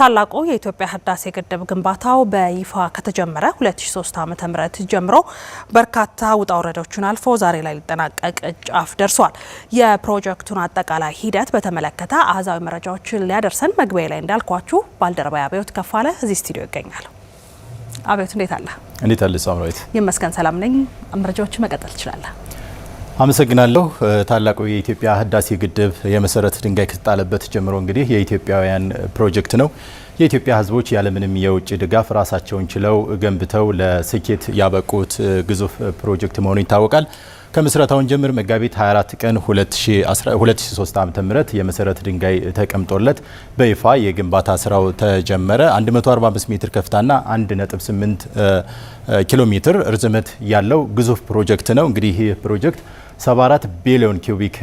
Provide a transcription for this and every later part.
ታላቁ የኢትዮጵያ ህዳሴ ግድብ ግንባታው በይፋ ከተጀመረ 2003 ዓ.ም ጀምሮ በርካታ ውጣ ውረዶችን አልፎ ዛሬ ላይ ሊጠናቀቅ ጫፍ ደርሷል። የፕሮጀክቱን አጠቃላይ ሂደት በተመለከተ አህዛዊ መረጃዎችን ሊያደርሰን መግቢያ ላይ እንዳልኳችሁ ባልደረባ አብዮት ከፋለ እዚህ ስቱዲዮ ይገኛል። አብዮት እንዴት አለ? እንዴት አለ ሳምራዊት? ይመስገን ሰላም ነኝ። መረጃዎችን መቀጠል ትችላለህ። አመሰግናለሁ። ታላቁ የኢትዮጵያ ህዳሴ ግድብ የመሰረት ድንጋይ ከተጣለበት ጀምሮ እንግዲህ የኢትዮጵያውያን ፕሮጀክት ነው። የኢትዮጵያ ህዝቦች ያለምንም የውጭ ድጋፍ ራሳቸውን ችለው ገንብተው ለስኬት ያበቁት ግዙፍ ፕሮጀክት መሆኑ ይታወቃል። ከምስረታውን ጀምር መጋቢት 24 ቀን 2003 ዓ ም የመሰረት ድንጋይ ተቀምጦለት በይፋ የግንባታ ስራው ተጀመረ። 145 ሜትር ከፍታና 1.8 ኪሎ ሜትር ርዝመት ያለው ግዙፍ ፕሮጀክት ነው። እንግዲህ ይህ ፕሮጀክት 74 ቢሊዮን ኪዩቢክ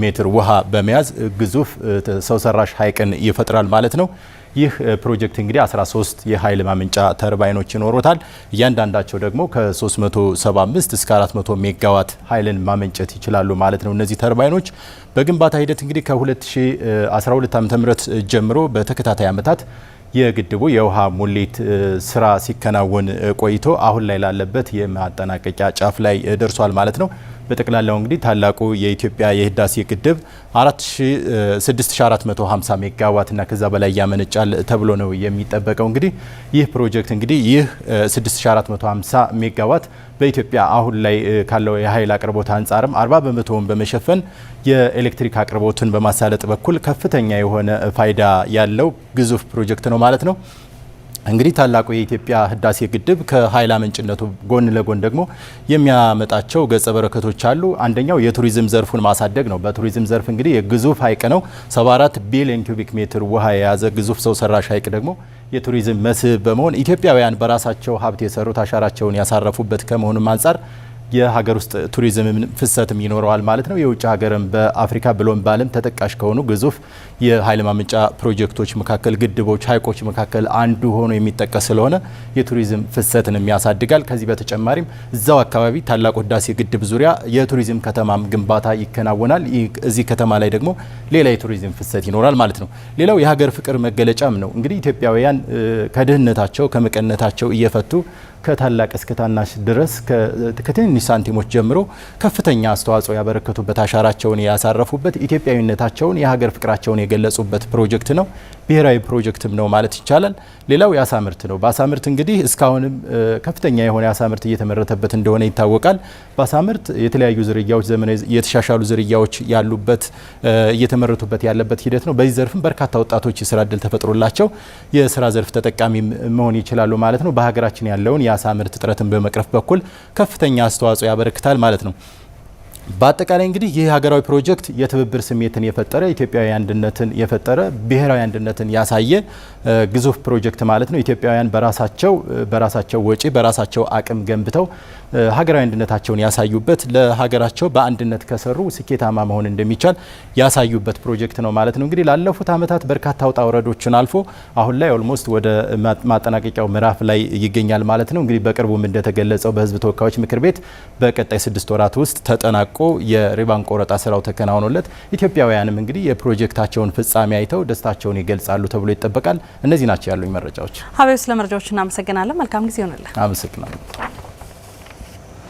ሜትር ውሃ በመያዝ ግዙፍ ሰው ሰራሽ ሀይቅን ይፈጥራል ማለት ነው። ይህ ፕሮጀክት እንግዲህ 13 የኃይል ማመንጫ ተርባይኖች ይኖሩታል። እያንዳንዳቸው ደግሞ ከ375 እስከ 400 ሜጋዋት ኃይልን ማመንጨት ይችላሉ ማለት ነው። እነዚህ ተርባይኖች በግንባታ ሂደት እንግዲህ ከ2012 ዓ. ዓ.ም ጀምሮ በተከታታይ ዓመታት የግድቡ የውሃ ሙሌት ስራ ሲከናወን ቆይቶ አሁን ላይ ላለበት የማጠናቀቂያ ጫፍ ላይ ደርሷል ማለት ነው። በጠቅላላው እንግዲህ ታላቁ የኢትዮጵያ የህዳሴ ግድብ 6450 ሜጋዋት እና ከዛ በላይ ያመነጫል ተብሎ ነው የሚጠበቀው። እንግዲህ ይህ ፕሮጀክት እንግዲህ ይህ 6450 ሜጋዋት በኢትዮጵያ አሁን ላይ ካለው የኃይል አቅርቦት አንጻርም 40 በመቶውን በመሸፈን የኤሌክትሪክ አቅርቦትን በማሳለጥ በኩል ከፍተኛ የሆነ ፋይዳ ያለው ግዙፍ ፕሮጀክት ነው ማለት ነው። እንግዲህ ታላቁ የኢትዮጵያ ህዳሴ ግድብ ከኃይል አመንጭነቱ ጎን ለጎን ደግሞ የሚያመጣቸው ገጸ በረከቶች አሉ። አንደኛው የቱሪዝም ዘርፉን ማሳደግ ነው። በቱሪዝም ዘርፍ እንግዲህ የግዙፍ ሀይቅ ነው። 74 ቢሊዮን ኪዩቢክ ሜትር ውሃ የያዘ ግዙፍ ሰው ሰራሽ ሀይቅ ደግሞ የቱሪዝም መስህብ በመሆን ኢትዮጵያውያን በራሳቸው ሀብት የሰሩት አሻራቸውን ያሳረፉበት ከመሆኑም አንጻር የሀገር ውስጥ ቱሪዝም ፍሰትም ይኖረዋል ማለት ነው። የውጭ ሀገርም በአፍሪካ ብሎም በዓለም ተጠቃሽ ከሆኑ ግዙፍ የኃይል ማመንጫ ፕሮጀክቶች መካከል ግድቦች፣ ሀይቆች መካከል አንዱ ሆኖ የሚጠቀስ ስለሆነ የቱሪዝም ፍሰትንም ያሳድጋል። ከዚህ በተጨማሪም እዛው አካባቢ ታላቁ ህዳሴ ግድብ ዙሪያ የቱሪዝም ከተማም ግንባታ ይከናወናል። እዚህ ከተማ ላይ ደግሞ ሌላ የቱሪዝም ፍሰት ይኖራል ማለት ነው። ሌላው የሀገር ፍቅር መገለጫም ነው። እንግዲህ ኢትዮጵያውያን ከድህነታቸው ከመቀነታቸው እየፈቱ ከታላቅ እስከ ታናሽ ድረስ ከትንሽ ሳንቲሞች ጀምሮ ከፍተኛ አስተዋጽኦ ያበረከቱበት አሻራቸውን ያሳረፉበት ኢትዮጵያዊነታቸውን የሀገር ፍቅራቸውን የገለጹበት ፕሮጀክት ነው። ብሔራዊ ፕሮጀክትም ነው ማለት ይቻላል። ሌላው የአሳ ምርት ነው። በአሳ ምርት እንግዲህ እስካሁንም ከፍተኛ የሆነ የአሳ ምርት እየተመረተበት እንደሆነ ይታወቃል። በአሳ ምርት የተለያዩ ዝርያዎች፣ ዘመናዊ የተሻሻሉ ዝርያዎች ያሉበት እየተመረቱበት ያለበት ሂደት ነው። በዚህ ዘርፍም በርካታ ወጣቶች የስራ እድል ተፈጥሮላቸው የስራ ዘርፍ ተጠቃሚ መሆን ይችላሉ ማለት ነው። በሀገራችን ያለውን የአሳ ምርት እጥረትን በመቅረፍ በኩል ከፍተኛ አስተዋ አስተዋጽኦ ያበረክታል ማለት ነው። በአጠቃላይ እንግዲህ ይህ ሀገራዊ ፕሮጀክት የትብብር ስሜትን የፈጠረ ኢትዮጵያዊ አንድነትን የፈጠረ ብሔራዊ አንድነትን ያሳየ ግዙፍ ፕሮጀክት ማለት ነው። ኢትዮጵያውያን በራሳቸው በራሳቸው ወጪ በራሳቸው አቅም ገንብተው ሀገራዊ አንድነታቸውን ያሳዩበት ለሀገራቸው በአንድነት ከሰሩ ስኬታማ መሆን እንደሚቻል ያሳዩበት ፕሮጀክት ነው ማለት ነው። እንግዲህ ላለፉት ዓመታት በርካታ ውጣ ውረዶችን አልፎ አሁን ላይ ኦልሞስት ወደ ማጠናቀቂያው ምዕራፍ ላይ ይገኛል ማለት ነው። እንግዲህ በቅርቡም እንደተገለጸው በሕዝብ ተወካዮች ምክር ቤት በቀጣይ ስድስት ወራት ውስጥ ተጠናቆ ተጠናቆ የሪባን ቆረጣ ስራው ተከናውኖለት ኢትዮጵያውያንም እንግዲህ የፕሮጀክታቸውን ፍጻሜ አይተው ደስታቸውን ይገልጻሉ ተብሎ ይጠበቃል። እነዚህ ናቸው ያሉኝ መረጃዎች። ሀቤው፣ ስለ እናመሰግናለን። መልካም ጊዜ ይሆንልን። አመሰግናለሁ።